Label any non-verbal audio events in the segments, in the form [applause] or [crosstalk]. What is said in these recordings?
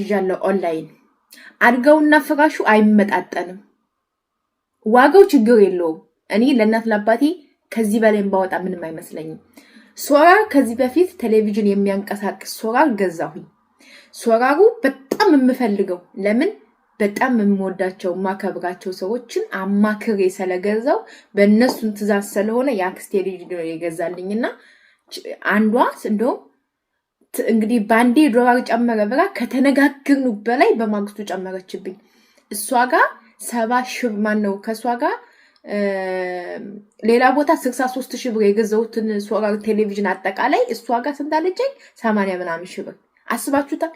ይዣለሁ። ኦንላይን አድጋውና ፍራሹ አይመጣጠንም። ዋጋው ችግር የለውም። እኔ ለእናት ለአባቴ ከዚህ በላይ ባወጣ ምንም አይመስለኝም። ሶራር ከዚህ በፊት ቴሌቪዥን የሚያንቀሳቅስ ሶራር ገዛሁኝ። ሶራሩ በጣም የምፈልገው ለምን በጣም የምወዳቸው የማከብራቸው ሰዎችን አማክሬ ስለገዛው በእነሱን ትእዛዝ ስለሆነ የአክስቴ ልጅ ነው የገዛልኝና አንዷ እንደውም ሁለት እንግዲህ በአንዴ ዶላር ጨመረ ብላ ከተነጋግርን በላይ በማግስቱ ጨመረችብኝ። እሷ ጋር ሰባ ሺህ ማን ነው ከእሷ ጋር ሌላ ቦታ ስልሳ ሶስት ሺህ ብር የገዛሁትን ሶላር ቴሌቪዥን አጠቃላይ እሷ ጋር ስንት አለችኝ? ሰማንያ ምናምን ሺህ ብር አስባችሁታል።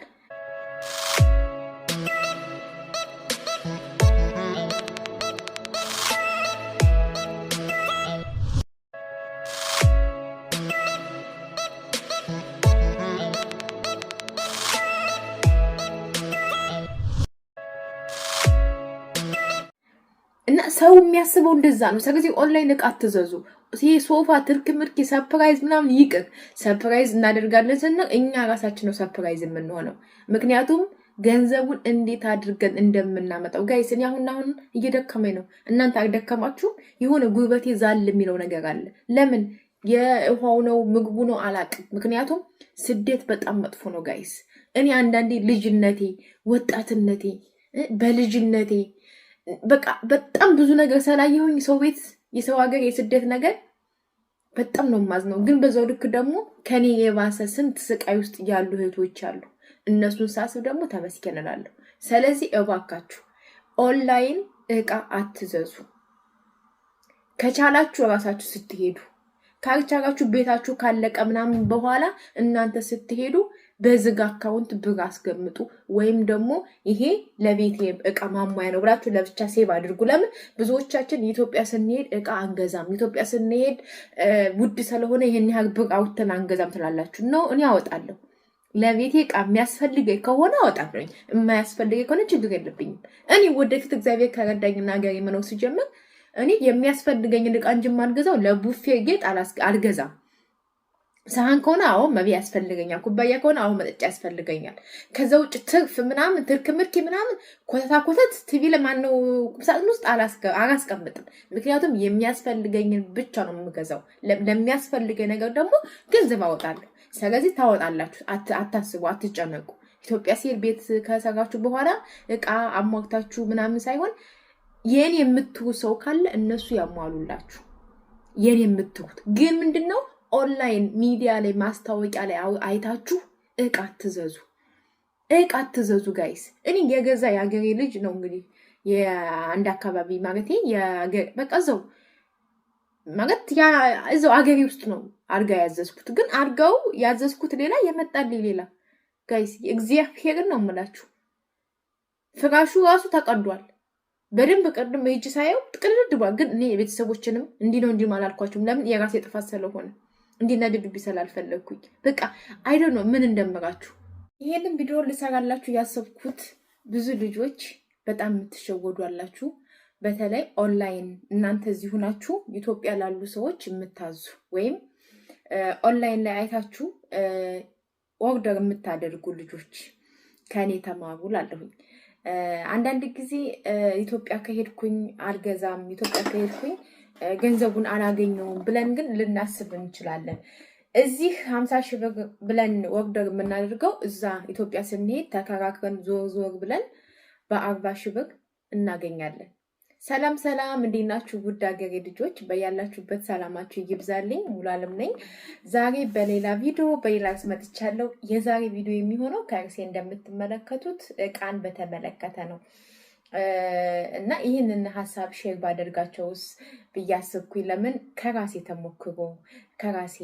ሰው የሚያስበው እንደዛ ነው። ስለዚህ ኦንላይን እቃ አትዘዙ። ይሄ ሶፋ ትርክ ምርክ ሰርፕራይዝ ምናምን ይቅር። ሰርፕራይዝ እናደርጋለን ስንል እኛ ራሳችን ነው ሰርፕራይዝ የምንሆነው። ምክንያቱም ገንዘቡን እንዴት አድርገን እንደምናመጣው ጋይስ፣ እኔ አሁን አሁን እየደከመኝ ነው። እናንተ አልደከማችሁ? የሆነ ጉልበቴ ዛል የሚለው ነገር አለ። ለምን የውሃው ነው ምግቡ ነው አላቅም። ምክንያቱም ስደት በጣም መጥፎ ነው ጋይስ። እኔ አንዳንዴ ልጅነቴ ወጣትነቴ በልጅነቴ በቃ በጣም ብዙ ነገር ስላየሁኝ ሰው ቤት የሰው ሀገር የስደት ነገር በጣም ነው የማዝነው። ግን በዛው ልክ ደግሞ ከኔ የባሰ ስንት ስቃይ ውስጥ ያሉ እህቶች አሉ። እነሱን ሳስብ ደግሞ ተመስገን እላለሁ። ስለዚህ እባካችሁ ኦንላይን እቃ አትዘዙ። ከቻላችሁ እራሳችሁ ስትሄዱ፣ ካልቻላችሁ ቤታችሁ ካለቀ ምናምን በኋላ እናንተ ስትሄዱ በዝግ አካውንት ብር አስገምጡ፣ ወይም ደግሞ ይሄ ለቤት እቃ ማሟያ ነው ብላችሁ ለብቻ ሴቭ አድርጉ። ለምን ብዙዎቻችን ኢትዮጵያ ስንሄድ እቃ አንገዛም፣ ኢትዮጵያ ስንሄድ ውድ ስለሆነ ይህን ያህል ብር አውጥተን አንገዛም ትላላችሁ ነው። እኔ አወጣለሁ ለቤቴ እቃ የሚያስፈልገኝ ከሆነ አወጣለኝ፣ የማያስፈልገኝ ከሆነ ችግር የለብኝም። እኔ ወደፊት እግዚአብሔር ከረዳኝና ሀገር መኖር ሲጀምር እኔ የሚያስፈልገኝን እቃ እንጂ የማልገዛው ለቡፌ ጌጥ አልገዛም። ሰሃን ከሆነ አሁን መቢ ያስፈልገኛል። ኩባያ ከሆነ አሁ መጠጫ ያስፈልገኛል። ከዛ ውጭ ትርፍ ምናምን ትርክ ምርኪ ምናምን ኮተታ ኮተት ቲቪ ለማነው ቁምሳጥን ውስጥ አላስቀምጥም። ምክንያቱም የሚያስፈልገኝን ብቻ ነው የምገዛው። ለሚያስፈልገኝ ነገር ደግሞ ገንዘብ አወጣለሁ። ስለዚህ ታወጣላችሁ፣ አታስቡ፣ አትጨነቁ። ኢትዮጵያ ሲል ቤት ከሰራችሁ በኋላ እቃ አሟግታችሁ ምናምን ሳይሆን የኔ የምትሁ ሰው ካለ እነሱ ያሟሉላችሁ። የኔ የምትሁት ግን ምንድን ነው ኦንላይን ሚዲያ ላይ ማስታወቂያ ላይ አይታችሁ እቃ አትዘዙ፣ እቃ አትዘዙ ጋይስ። እኔ የገዛ የአገሬ ልጅ ነው እንግዲህ የአንድ አካባቢ ማለት በቃ እዛው ማለት እዛው አገሬ ውስጥ ነው አድጋ ያዘዝኩት። ግን አድጋው ያዘዝኩት ሌላ የመጣልኝ ሌላ። ጋይስ እግዚአብሔርን ነው የምላችሁ። ፍራሹ ራሱ ተቀዷል በደንብ ቅድም ሂጅ ሳየው ጥቅልል ድቧል። ግን እኔ የቤተሰቦችንም እንዲህ ነው እንዲህ አላልኳቸውም። ለምን የራሴ ጥፋት ስለሆነ እንዲናደዱብኝ ስላልፈለግኩኝ በቃ አይደ ነው ምን እንደምራችሁ ይሄንን ቪዲዮ ልሰራላችሁ ያሰብኩት ብዙ ልጆች በጣም የምትሸወዱ አላችሁ። በተለይ ኦንላይን እናንተ እዚህ ሁናችሁ ኢትዮጵያ ላሉ ሰዎች የምታዙ ወይም ኦንላይን ላይ አይታችሁ ኦርደር የምታደርጉ ልጆች ከእኔ ተማሩ ላለሁኝ። አንዳንድ ጊዜ ኢትዮጵያ ከሄድኩኝ አልገዛም፣ ኢትዮጵያ ከሄድኩኝ ገንዘቡን አላገኘውም ብለን ግን ልናስብ እንችላለን። እዚህ ሀምሳ ሺህ ብር ብለን ወርደር የምናደርገው እዛ ኢትዮጵያ ስንሄድ ተከራክረን ዞር ዞር ብለን በአርባ ሺህ ብር እናገኛለን። ሰላም ሰላም፣ እንዴት ናችሁ? ውድ አገሬ ልጆች በያላችሁበት ሰላማችሁ ይብዛልኝ። ሙሉ ነኝ። ዛሬ በሌላ ቪዲዮ በሌላ ርዕስ መጥቻለሁ። የዛሬ ቪዲዮ የሚሆነው ከርሴ እንደምትመለከቱት እቃን በተመለከተ ነው። እና ይህንን ሀሳብ ሼር ባደርጋቸውስ ብዬ ለምን ከራሴ ተሞክሮ ከራሴ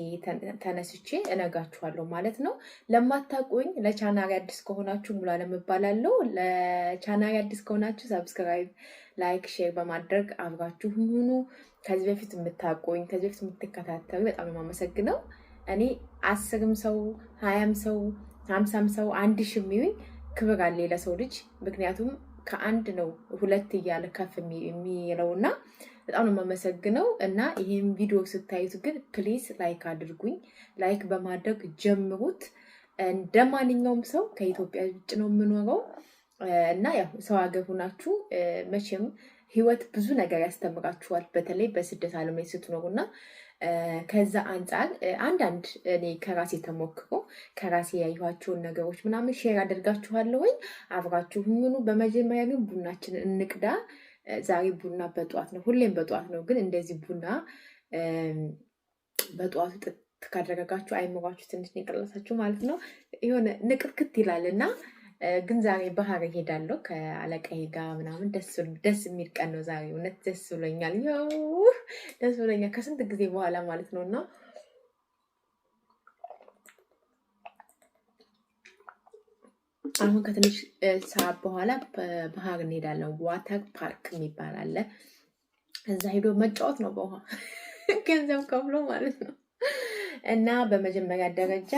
ተነስቼ እነጋችኋለሁ ማለት ነው። ለማታቁኝ ለቻናሪ አዲስ ከሆናችሁ ሙሉ አለም ለቻናሪ አዲስ ከሆናችሁ ሰብስክራይብ፣ ላይክ፣ ሼር በማድረግ አብራችሁ ሁኑ። ከዚህ በፊት የምታውቁኝ ከዚህ በፊት የምትከታተሉ በጣም የማመሰግነው እኔ አስርም ሰው ሀያም ሰው ሀምሳም ሰው አንድ ሺህ የሚውኝ ክብር አለ ለሰው ልጅ ምክንያቱም ከአንድ ነው ሁለት እያለ ከፍ የሚለው እና በጣም ነው የማመሰግነው። እና ይህን ቪዲዮ ስታዩት ግን ፕሊስ ላይክ አድርጉኝ። ላይክ በማድረግ ጀምሩት። እንደ ማንኛውም ሰው ከኢትዮጵያ ውጭ ነው የምኖረው እና ያው ሰው ሀገር ሁናችሁ መቼም ህይወት ብዙ ነገር ያስተምራችኋል። በተለይ በስደት ዓለም ላይ ስትኖሩ እና ከዛ አንጻር አንዳንድ እኔ ከራሴ ተሞክሮ ከራሴ ያየኋቸውን ነገሮች ምናምን ሼር አደርጋችኋለሁ። ወይ አብራችሁ ሁኑ። በመጀመሪያ ግን ቡናችንን እንቅዳ። ዛሬ ቡና በጠዋት ነው፣ ሁሌም በጠዋት ነው። ግን እንደዚህ ቡና በጠዋቱ ጥት ካደረጋችሁ አይምሯችሁ ትንሽ ንቅላታችሁ ማለት ነው የሆነ ንቅርክት ይላል እና ግን ዛሬ ባህር እሄዳለሁ ከአለቃዬ ጋር ምናምን ደስ የሚል ቀን ነው ዛሬ። እውነት ደስ ብሎኛል፣ ደስ ብሎኛል ከስንት ጊዜ በኋላ ማለት ነው እና አሁን ከትንሽ ሰዓት በኋላ ባህር እንሄዳለን። ዋተር ፓርክ የሚባል አለ። እዛ ሄዶ መጫወት ነው በውሃ [laughs] ገንዘብ ከፍሎ ማለት ነው። እና በመጀመሪያ ደረጃ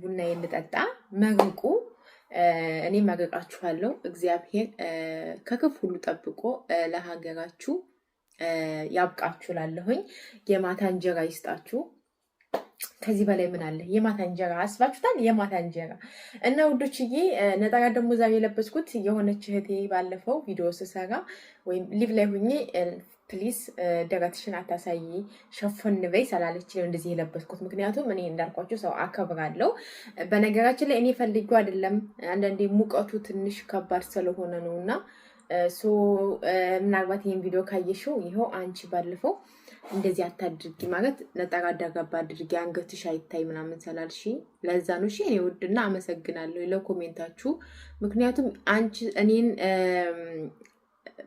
ቡና የምጠጣ መርቁ እኔም አገቃችኋለሁ። እግዚአብሔር ከክፍ ሁሉ ጠብቆ ለሀገራችሁ ያብቃችሁ። ላለሁኝ የማታ እንጀራ ይስጣችሁ። ከዚህ በላይ ምን አለ? የማታ እንጀራ አስባችሁታል? የማታ እንጀራ እና ውዶችዬ፣ ነጠላ ደግሞ ዛሬ የለበስኩት የሆነች እህቴ ባለፈው ቪዲዮ ስሰራ ወይም ሊቭ ላይ ሁኜ ፕሊስ ደረትሽን አታሳይ ሸፈን በይ ስላለች ነው እንደዚህ የለበስኩት። ምክንያቱም እኔ እንዳልኳቸው ሰው አከብራለሁ። በነገራችን ላይ እኔ ፈልጌው አይደለም። አንዳንዴ ሙቀቱ ትንሽ ከባድ ስለሆነ ነው እና ሶ ምናልባት ይህን ቪዲዮ ካየሽው ይኸው አንቺ ባለፈው እንደዚህ አታድርጊ ማለት ነጠራ ዳጋባ አድርጊ አንገትሽ አይታይ ምናምን ስላልሽ ለዛ ነው። እሺ እኔ ውድና አመሰግናለሁ ለኮሜንታችሁ። ምክንያቱም አንቺ እኔን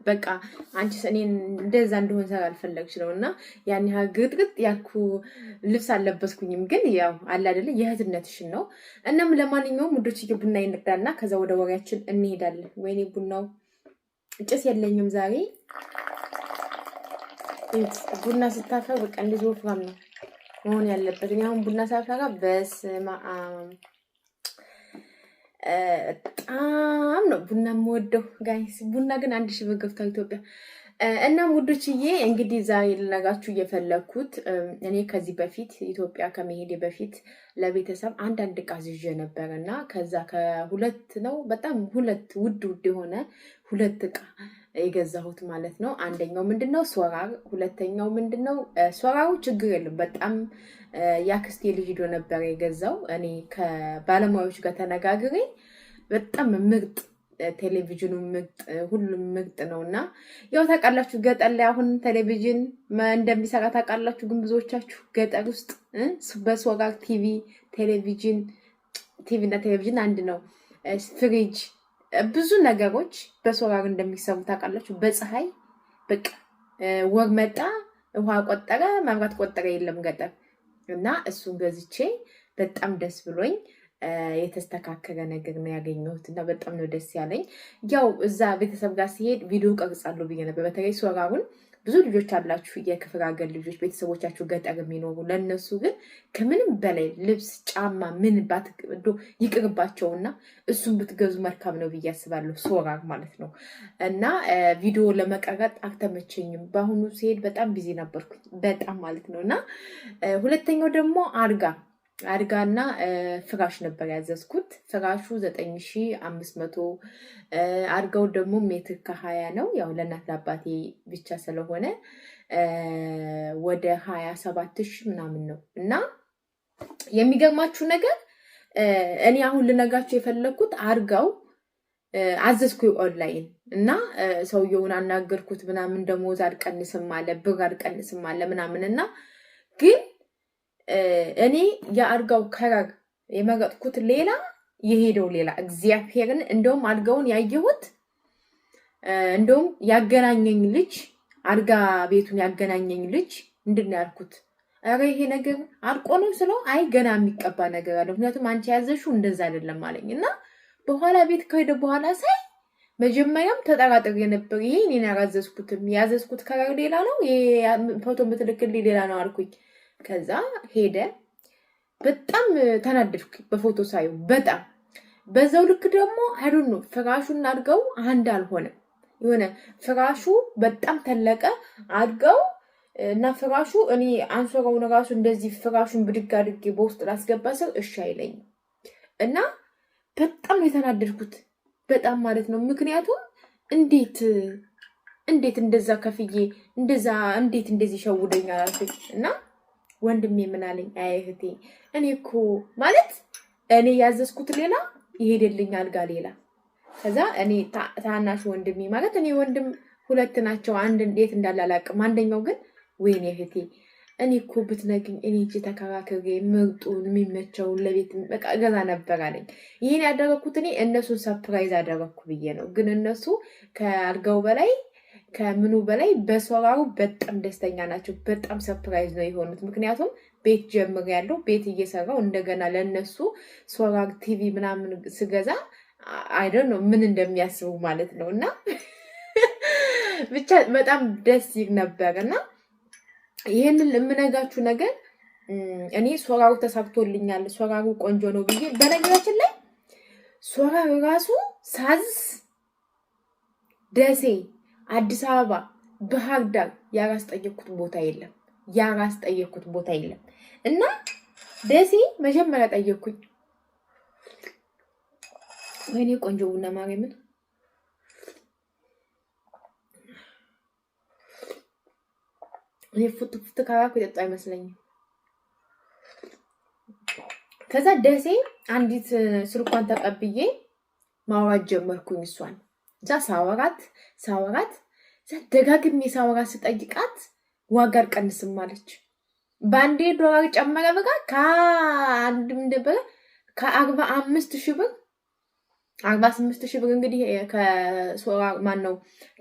በቃ አንቺ እኔን እንደዛ እንደሆን ሰ አልፈለግሽ ነው እና ያን ያህል ግጥግጥ ያልኩ ልብስ አልለበስኩኝም፣ ግን ያው አለ አይደለ የእህትነትሽን ነው። እናም ለማንኛውም ውዶች ቡና ይንቅዳና ከዛ ወደ ወሬያችን እንሄዳለን። ወይኔ ቡናው ጭስ የለኝም ዛሬ ቡና ስታፈር በቃ እንደዚህ ወፍራም ነው መሆን ያለበት። እኔ አሁን ቡና ሳፈራ በስማ በጣም ነው ቡና የምወደው ጋይስ። ቡና ግን አንድ ሺህ ብር ኢትዮጵያ። እናም ውዶችዬ እንግዲህ ዛሬ ልነጋችሁ እየፈለግኩት እኔ ከዚህ በፊት ኢትዮጵያ ከመሄድ በፊት ለቤተሰብ አንዳንድ ዕቃ ዝዤ ነበር እና ከዛ ከሁለት ነው በጣም ሁለት ውድ ውድ የሆነ ሁለት ዕቃ የገዛሁት ማለት ነው። አንደኛው ምንድነው ሶራር፣ ሁለተኛው ምንድነው ሶራሩ ችግር የለም በጣም ያክስቴ ልጅ ሄዶ ነበር የገዛው። እኔ ከባለሙያዎች ጋር ተነጋግሬ በጣም ምርጥ ቴሌቪዥኑ ምርጥ ሁሉም ምርጥ ነው። እና ያው ታውቃላችሁ ገጠር ላይ አሁን ቴሌቪዥን እንደሚሰራ ታውቃላችሁ። ግን ብዙዎቻችሁ ገጠር ውስጥ በሶራር ቲቪ ቴሌቪዥን ቲቪ እና ቴሌቪዥን አንድ ነው። ፍሪጅ ብዙ ነገሮች በሶላር እንደሚሰሩ ታውቃላችሁ። በፀሐይ በቃ ወር መጣ፣ ውሃ ቆጠረ፣ መብራት ቆጠረ የለም ገጠር እና እሱን ገዝቼ በጣም ደስ ብሎኝ የተስተካከለ ነገር ነው ያገኘሁት እና በጣም ነው ደስ ያለኝ። ያው እዛ ቤተሰብ ጋር ሲሄድ ቪዲዮ ቀርጻለሁ ብዬ ነበር በተለይ ሶላሩን ብዙ ልጆች አላችሁ፣ የክፍለ ሀገር ልጆች ቤተሰቦቻችሁ ገጠር የሚኖሩ ለእነሱ ግን ከምንም በላይ ልብስ፣ ጫማ ምን ባትዶ ይቅርባቸውና እሱን ብትገዙ መልካም ነው ብዬ አስባለሁ። ሶራር ማለት ነው እና ቪዲዮ ለመቀረጥ አልተመቸኝም። በአሁኑ ሲሄድ በጣም ቢዚ ነበርኩኝ በጣም ማለት ነው እና ሁለተኛው ደግሞ አልጋ አድጋና ፍራሽ ነበር ያዘዝኩት። ፍራሹ ዘጠኝ ሺ አምስት መቶ አድጋው ደግሞ ሜትር ከሀያ ነው። ያው ለእናት ለአባቴ ብቻ ስለሆነ ወደ ሀያ ሰባት ሺ ምናምን ነው እና የሚገርማችሁ ነገር እኔ አሁን ልነጋችሁ የፈለግኩት አድጋው አዘዝኩ ኦንላይን እና ሰውየውን አናገርኩት ምናምን ደሞዝ አልቀንስም አለ ብር አልቀንስም አለ ምናምን እና ግን እኔ የአልጋው ከረር የመረጥኩት ሌላ የሄደው ሌላ እግዚአብሔርን እንደውም አልጋውን ያየሁት እንደውም ያገናኘኝ ልጅ አልጋ ቤቱን ያገናኘኝ ልጅ ምንድን ነው ያልኩት፣ ኧረ ይሄ ነገር አልቆ ነው ስለው፣ አይ ገና የሚቀባ ነገር አለ፣ ምክንያቱም አንቺ የያዘሽው እንደዛ አይደለም አለኝ እና በኋላ ቤት ከሄደ በኋላ ሳይ መጀመሪያም ተጠራጥሬ ነበር። ይሄ እኔን ያራዘዝኩትም ያዘዝኩት ከረር ሌላ ነው፣ ፎቶ ምትልክልኝ ሌላ ነው አልኩኝ። ከዛ ሄደ። በጣም ተናደድኩ በፎቶ ሳየው በጣም በዛው ልክ ደግሞ አይዶን ነው ፍራሹ እናድገው አንድ አልሆነም። የሆነ ፍራሹ በጣም ተለቀ አድገው እና ፍራሹ እኔ አንሶራውን ራሱ እንደዚህ ፍራሹን ብድግ አድርጌ በውስጥ ላስገባ ሰው እሺ አይለኝም። እና በጣም የተናደድኩት በጣም ማለት ነው። ምክንያቱም እንዴት እንዴት እንደዛ ከፍዬ እንደዛ እንዴት እንደዚህ ሸውደኛ አላልኩኝ እና ወንድሜ ምናለኝ? አይ እህቴ፣ እኔ እኮ ማለት እኔ ያዘዝኩት ሌላ ይሄድልኝ አልጋ ሌላ። ከዛ እኔ ታናሽ ወንድሜ ማለት እኔ ወንድም ሁለት ናቸው። አንድ እንዴት እንዳላላቅም አንደኛው ግን ወይኔ እህቴ እኔ እኮ ብትነግኝ እኔ እጅ ተከራክሬ ምርጡን የሚመቸውን ለቤት በቃ ገዛ ነበር አለኝ። ይህን ያደረግኩት እኔ እነሱን ሰፕራይዝ አደረግኩ ብዬ ነው። ግን እነሱ ከአልጋው በላይ ከምኑ በላይ በስራው በጣም ደስተኛ ናቸው። በጣም ሰርፕራይዝ ነው የሆኑት። ምክንያቱም ቤት ጀምር ያለው ቤት እየሰራው እንደገና ለነሱ ሶላር ቲቪ ምናምን ስገዛ አይደን ነው ምን እንደሚያስቡ ማለት ነው። እና [laughs] ብቻ በጣም ደስ ይል ነበር እና ይህንን የምነጋችሁ ነገር እኔ ሶራሩ ተሰርቶልኛል፣ ሶራሩ ቆንጆ ነው ብዬ በነገራችን ላይ ሶላሩ ራሱ ሳዝ ደሴ አዲስ አበባ፣ ባህር ዳር ያላስጠየቅኩት ቦታ የለም ያላስጠየቅኩት ቦታ የለም። እና ደሴ መጀመሪያ ጠየቅኩኝ። ወይኔ ቆንጆ ቡና ማርያምን እኔ ፉት ፉት ካራኩ የጠጡ አይመስለኝም። ከዛ ደሴ አንዲት ስልኳን ተቀብዬ ማውራት ጀመርኩኝ እሷን እዛ ሳወራት ሳወራት ደጋግሜ ሳወራት ስጠይቃት ዋጋ አልቀንስም አለች። በአንዴ ዶላር ጨመረ። በቃ ከአንድ ምንድበረ ከአርባ አምስት ሺህ ብር አርባ ስምንት ሺህ ብር እንግዲህ ከሶራ ማን ነው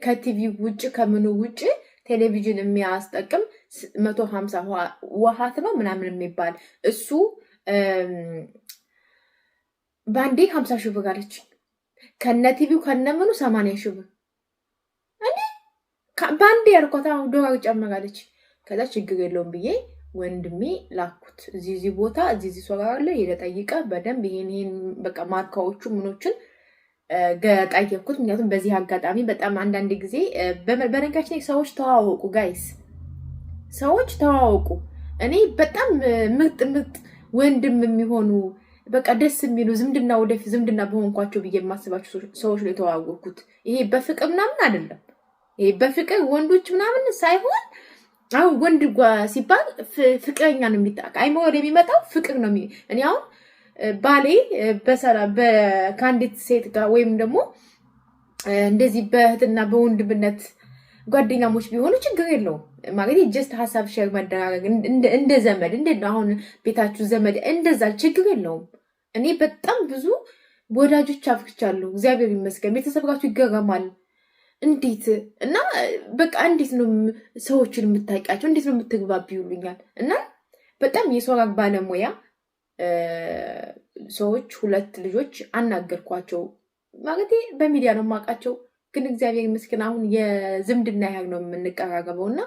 ከቲቪ ውጭ ከምኑ ውጭ ቴሌቪዥን የሚያስጠቅም መቶ ሀምሳ ውሃት ነው ምናምን የሚባል እሱ በአንዴ ሀምሳ ሺህ ብር አለች። ከነቲቪው ከነምኑ ሰማንያ ሺህ ብር እኔ በአንዴ ያርኳታ ዶላር ጨመራለች። ከዛ ችግር የለውም ብዬ ወንድሜ ላኩት። እዚህ እዚህ ቦታ እዚህ እዚህ ሶራ አለ የለጠይቀ በደንብ ይሄን ይሄን በቃ ማርካዎቹ ምኖችን ገጠየኩት። ምክንያቱም በዚህ አጋጣሚ በጣም አንዳንድ ጊዜ በነገራችን ሰዎች ተዋወቁ፣ ጋይስ ሰዎች ተዋወቁ። እኔ በጣም ምርጥ ምርጥ ወንድም የሚሆኑ በቃ ደስ የሚሉ ዝምድና ወደፊት ዝምድና በሆንኳቸው ብዬ የማስባቸው ሰዎች ነው የተዋወቅኩት። ይሄ በፍቅር ምናምን አይደለም። ይሄ በፍቅር ወንዶች ምናምን ሳይሆን አሁን ወንድ ሲባል ፍቅረኛ ነው የሚጠቅ አይመ የሚመጣው ፍቅር ነው። እኔ አሁን ባሌ በሰራ ከአንዲት ሴት ጋር ወይም ደግሞ እንደዚህ በእህትና በወንድምነት ጓደኛሞች ቢሆኑ ችግር የለውም። ማለት ጀስት ሀሳብ ሼር መደራረግ እንደ ዘመድ እንደ አሁን ቤታችሁ ዘመድ እንደዛ ችግር የለውም። እኔ በጣም ብዙ ወዳጆች አፍርቻለሁ። እግዚአብሔር ይመስገን። ቤተሰብ ጋችሁ ይገረማል። እንዴት እና በቃ እንዴት ነው ሰዎችን የምታውቂያቸው? እንዴት ነው የምትግባቢ? ይሉኛል እና በጣም የሶራቅ ባለሙያ ሰዎች ሁለት ልጆች አናገርኳቸው። ማለት በሚዲያ ነው የማውቃቸው፣ ግን እግዚአብሔር ይመስገን አሁን የዝምድና ያህል ነው የምንቀራረበው እና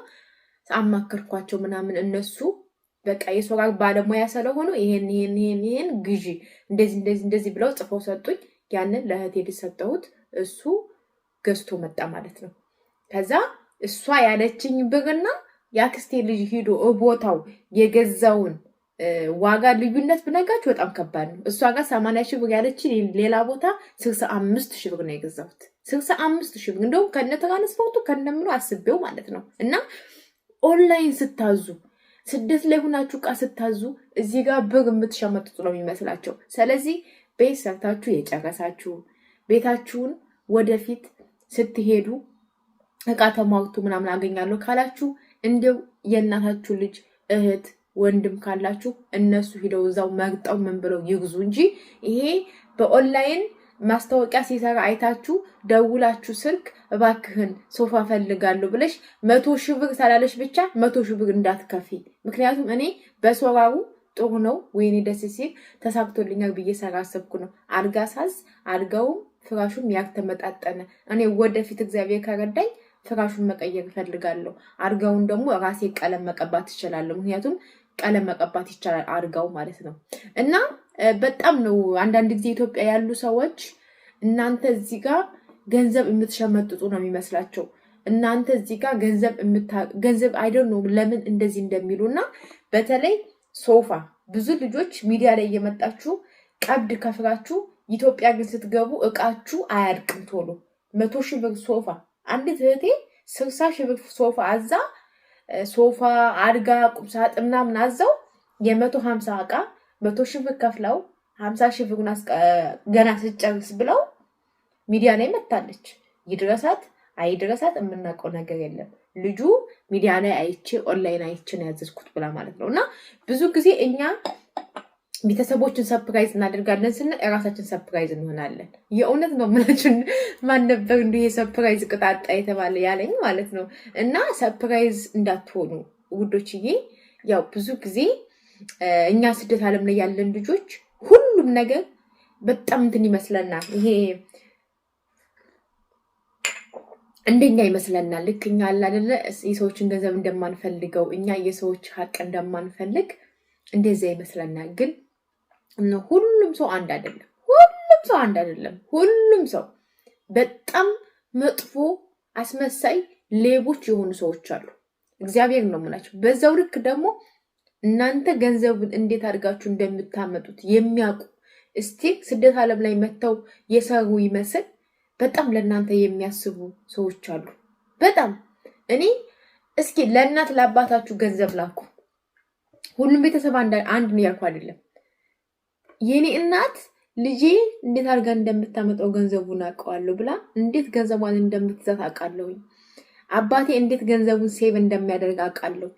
አማከርኳቸው ምናምን እነሱ በቃ የሰው ጋር ባለሙያ ስለሆኑ ይሄን ይሄን ይሄን ይሄን ግዢ እንደዚህ እንደዚህ እንደዚህ ብለው ጽፈው ሰጡኝ። ያንን ለእህቴ ሰጠሁት። እሱ ገዝቶ መጣ ማለት ነው። ከዛ እሷ ያለችኝ ብርና የአክስቴ ልጅ ሂዶ ቦታው የገዛውን ዋጋ ልዩነት ብነጋችሁ በጣም ከባድ ነው። እሷ ጋር ሰማንያ ሺህ ብር ያለችን ሌላ ቦታ ስልሳ አምስት ሺህ ብር ነው የገዛሁት። ስልሳ አምስት ሺህ ብር እንደውም ከነ ትራንስፖርቱ ከነምኑ አስቤው ማለት ነው። እና ኦንላይን ስታዙ ስደት ላይ ሁናችሁ እቃ ስታዙ እዚህ ጋር በግ የምትሸመጥጡ ነው የሚመስላቸው። ስለዚህ ቤት ሰርታችሁ የጨረሳችሁ ቤታችሁን ወደፊት ስትሄዱ እቃ ተሟግቱ ምናምን አገኛለሁ ካላችሁ እንዲው የእናታችሁ ልጅ እህት ወንድም ካላችሁ እነሱ ሂደው እዛው መግጠው ምን ብለው ይግዙ እንጂ ይሄ በኦንላይን ማስታወቂያ ሲሰራ አይታችሁ ደውላችሁ ስልክ እባክህን ሶፋ ፈልጋለሁ ብለሽ መቶ ሺህ ብር ሳላለሽ ብቻ መቶ ሺህ ብር እንዳትከፊ። ምክንያቱም እኔ በሶራሩ ጥሩ ነው ወይኔ ደስ ሲል ተሳክቶልኛል ብዬ ስላሰብኩ ነው። አልጋ ሳዝ አልጋውም ፍራሹም ያልተመጣጠነ እኔ ወደፊት እግዚአብሔር ከረዳኝ ፍራሹን መቀየር እፈልጋለሁ። አልጋውን ደግሞ ራሴ ቀለም መቀባት እችላለሁ። ምክንያቱም ቀለም መቀባት ይቻላል አርጋው ማለት ነው። እና በጣም ነው አንዳንድ ጊዜ ኢትዮጵያ ያሉ ሰዎች እናንተ እዚህ ጋር ገንዘብ የምትሸመጥጡ ነው የሚመስላቸው። እናንተ እዚህ ጋር ገንዘብ ገንዘብ አይደል ነው ለምን እንደዚህ እንደሚሉ እና በተለይ ሶፋ ብዙ ልጆች ሚዲያ ላይ እየመጣችሁ ቀብድ ከፍላችሁ ኢትዮጵያ ግን ስትገቡ እቃችሁ አያድቅም ቶሎ። መቶ ሺህ ብር ሶፋ አንዲት እህቴ ስልሳ ሺህ ብር ሶፋ አዛ ሶፋ፣ አልጋ፣ ቁምሳጥን ምናምን አዘው የመቶ ሀምሳ እቃ መቶ ሺህ ብር ከፍለው ሀምሳ ሺህ ብሩን ገና ስጨርስ ብለው ሚዲያ ላይ መታለች። ይድረሳት አይድረሳት የምናውቀው ነገር የለም። ልጁ ሚዲያ ላይ አይቼ ኦንላይን አይቼ ነው ያዘዝኩት ብላ ማለት ነው። እና ብዙ ጊዜ እኛ ቤተሰቦችን ሰፕራይዝ እናደርጋለን ስንል እራሳችን ሰፕራይዝ እንሆናለን። የእውነት ነው ምናችን ማን ነበር እንዲ የሰፕራይዝ ቅጣጣ የተባለ ያለኝ ማለት ነው። እና ሰፕራይዝ እንዳትሆኑ ውዶችዬ። ያው ብዙ ጊዜ እኛ ስደት ዓለም ላይ ያለን ልጆች ሁሉም ነገር በጣም እንትን ይመስለናል። ይሄ እንደኛ ይመስለናል። ልክ እኛ አላደለ የሰዎችን ገንዘብ እንደማንፈልገው እኛ የሰዎች ሀቅ እንደማንፈልግ እንደዚያ ይመስለናል ግን ሁሉም ሰው አንድ አይደለም። ሁሉም ሰው አንድ አይደለም። ሁሉም ሰው በጣም መጥፎ አስመሳይ ሌቦች የሆኑ ሰዎች አሉ። እግዚአብሔር ነው ምናቸው። በዛው ልክ ደግሞ እናንተ ገንዘቡን እንዴት አድርጋችሁ እንደምታመጡት የሚያውቁ እስቲ ስደት ዓለም ላይ መጥተው የሰሩ ይመስል በጣም ለእናንተ የሚያስቡ ሰዎች አሉ። በጣም እኔ እስኪ ለእናት ለአባታችሁ ገንዘብ ላኩ። ሁሉም ቤተሰብ አንድ ነው ያልኩ አይደለም። የኔ እናት ልጄ እንዴት አድርጋ እንደምታመጣው ገንዘቡን አውቀዋለሁ ብላ እንዴት ገንዘቧን እንደምትዛት አውቃለሁኝ። አባቴ እንዴት ገንዘቡን ሴቭ እንደሚያደርግ አውቃለሁ።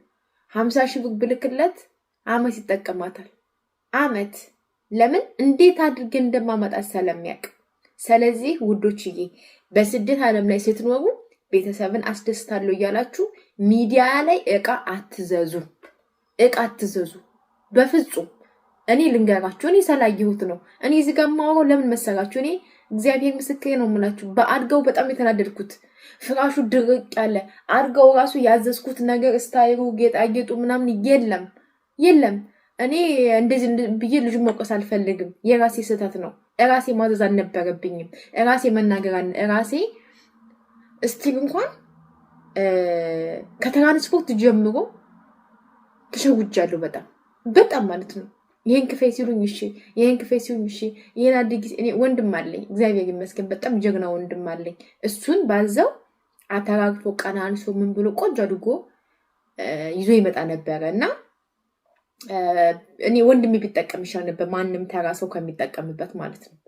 ሀምሳ ሺህ ብልክለት አመት ይጠቀማታል። አመት ለምን እንዴት አድርጌ እንደማመጣት ስለሚያውቅ። ስለዚህ ውዶችዬ በስደት ዓለም ላይ ስትኖሩ ቤተሰብን አስደስታለሁ እያላችሁ ሚዲያ ላይ እቃ አትዘዙ፣ እቃ አትዘዙ በፍጹም። እኔ ልንገራችሁ፣ እኔ ሰላየሁት ነው። እኔ እዚህ ጋር የማወራው ለምን መሰላችሁ? እኔ እግዚአብሔር ምስክሬ ነው የምላችሁ፣ በአድጋው በጣም የተናደድኩት ፍራሹ ድርቅ ያለ አድጋው ራሱ ያዘዝኩት ነገር ስታይሩ፣ ጌጣጌጡ ምናምን የለም የለም። እኔ እንደዚህ ብዬ ልጁ መቆስ አልፈልግም። የራሴ ስህተት ነው። እራሴ ማዘዝ አልነበረብኝም። እራሴ መናገር እራሴ እስቲል እንኳን ከትራንስፖርት ጀምሮ ተሸውጃለሁ። በጣም በጣም ማለት ነው። ይህን ክፌ ሲሉኝ እሺ፣ ይህን ክፌ ሲሉኝ እሺ፣ ይህን አድርጊ። እኔ ወንድም አለኝ እግዚአብሔር ይመስገን፣ በጣም ጀግና ወንድም አለኝ። እሱን ባዘው አተራግፎ ቀና አንሶ ምን ብሎ ቆንጆ አድጎ ይዞ ይመጣ ነበረ እና እኔ ወንድሜ ቢጠቀም ይሻል ነበር፣ ማንም ተራ ሰው ከሚጠቀምበት ማለት ነው።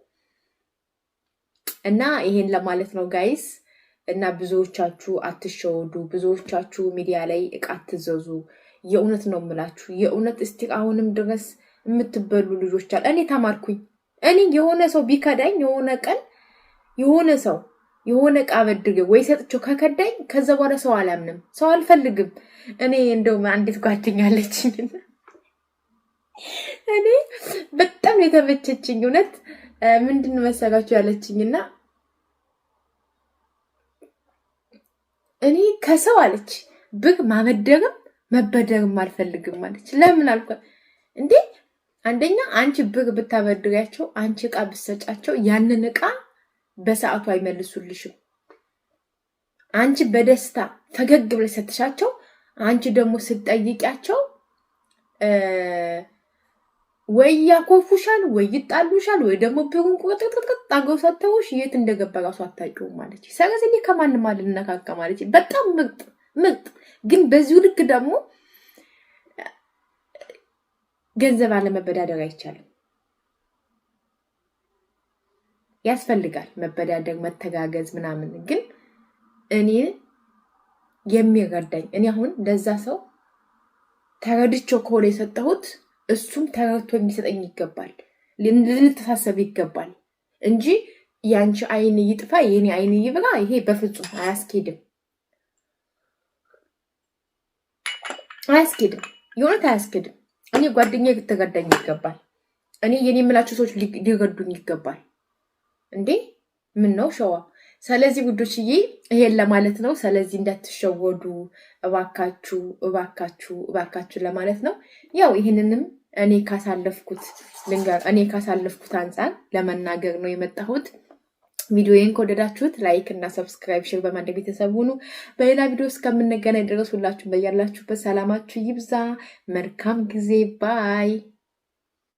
እና ይሄን ለማለት ነው ጋይስ። እና ብዙዎቻችሁ አትሸወዱ፣ ብዙዎቻችሁ ሚዲያ ላይ እቃ አትዘዙ። የእውነት ነው የምላችሁ፣ የእውነት እስቲ አሁንም ድረስ የምትበሉ ልጆች አለ። እኔ ተማርኩኝ። እኔ የሆነ ሰው ቢከዳኝ የሆነ ቀን የሆነ ሰው የሆነ እቃ በድገ ወይ ሰጥቼው ከከዳኝ ከዛ በኋላ ሰው አላምንም፣ ሰው አልፈልግም። እኔ እንደውም አንዲት ጓደኛ አለችኝ እኔ በጣም የተመቸችኝ እውነት ምንድን መሰጋችሁ ያለችኝና እኔ ከሰው አለች ብግ ማበደርም መበደርም አልፈልግም አለች። ለምን አልኳት እንዴ አንደኛ አንቺ ብር ብታበድሪያቸው አንቺ እቃ ብሰጫቸው ያንን እቃ በሰዓቱ አይመልሱልሽም። አንቺ በደስታ ፈገግ ብለሽ ሰጥሻቸው፣ አንቺ ደግሞ ስትጠይቂያቸው ወይ ያኮርፉሻል፣ ወይ ይጣሉሻል፣ ወይ ደግሞ ብሩን ቁርጥርጥርጥ አገው ሰጥተውሽ የት እንደገባ ራሱ አታውቂውም ማለት ስለዚህ ከማንም አልነካካ ማለት በጣም ምርጥ ምርጥ ግን በዚሁ ልክ ደግሞ ገንዘብ አለመበዳደር አይቻልም። ያስፈልጋል መበዳደር፣ መተጋገዝ ምናምን። ግን እኔ የሚረዳኝ እኔ አሁን ለዛ ሰው ተረድቼው ከሆነ የሰጠሁት እሱም ተረድቶ የሚሰጠኝ ይገባል፣ ልንተሳሰብ ይገባል እንጂ ያንቺ አይን ይጥፋ የኔ አይን ይብራ፣ ይሄ በፍጹም አያስኬድም፣ አያስኬድም፣ የእውነት አያስኬድም። እኔ ጓደኛ ልትገዳኝ ይገባል። እኔ የኔ የምላችሁ ሰዎች ሊገዱኝ ይገባል። እንዴ ምን ነው ሸዋ። ስለዚህ ውዶችዬ ይሄን ለማለት ነው። ስለዚህ እንዳትሸወዱ እባካችሁ፣ እባካችሁ፣ እባካችሁ ለማለት ነው። ያው ይህንንም እኔ ካሳለፍኩት ልንገር እኔ ካሳለፍኩት አንፃር ለመናገር ነው የመጣሁት። ቪዲዮዬን ከወደዳችሁት ላይክ እና ሰብስክራይብ ሽር በማድረግ ቤተሰብ ሁኑ። በሌላ ቪዲዮ እስከምንገናኝ ድረስ ሁላችሁም በያላችሁበት ሰላማችሁ ይብዛ። መልካም ጊዜ። ባይ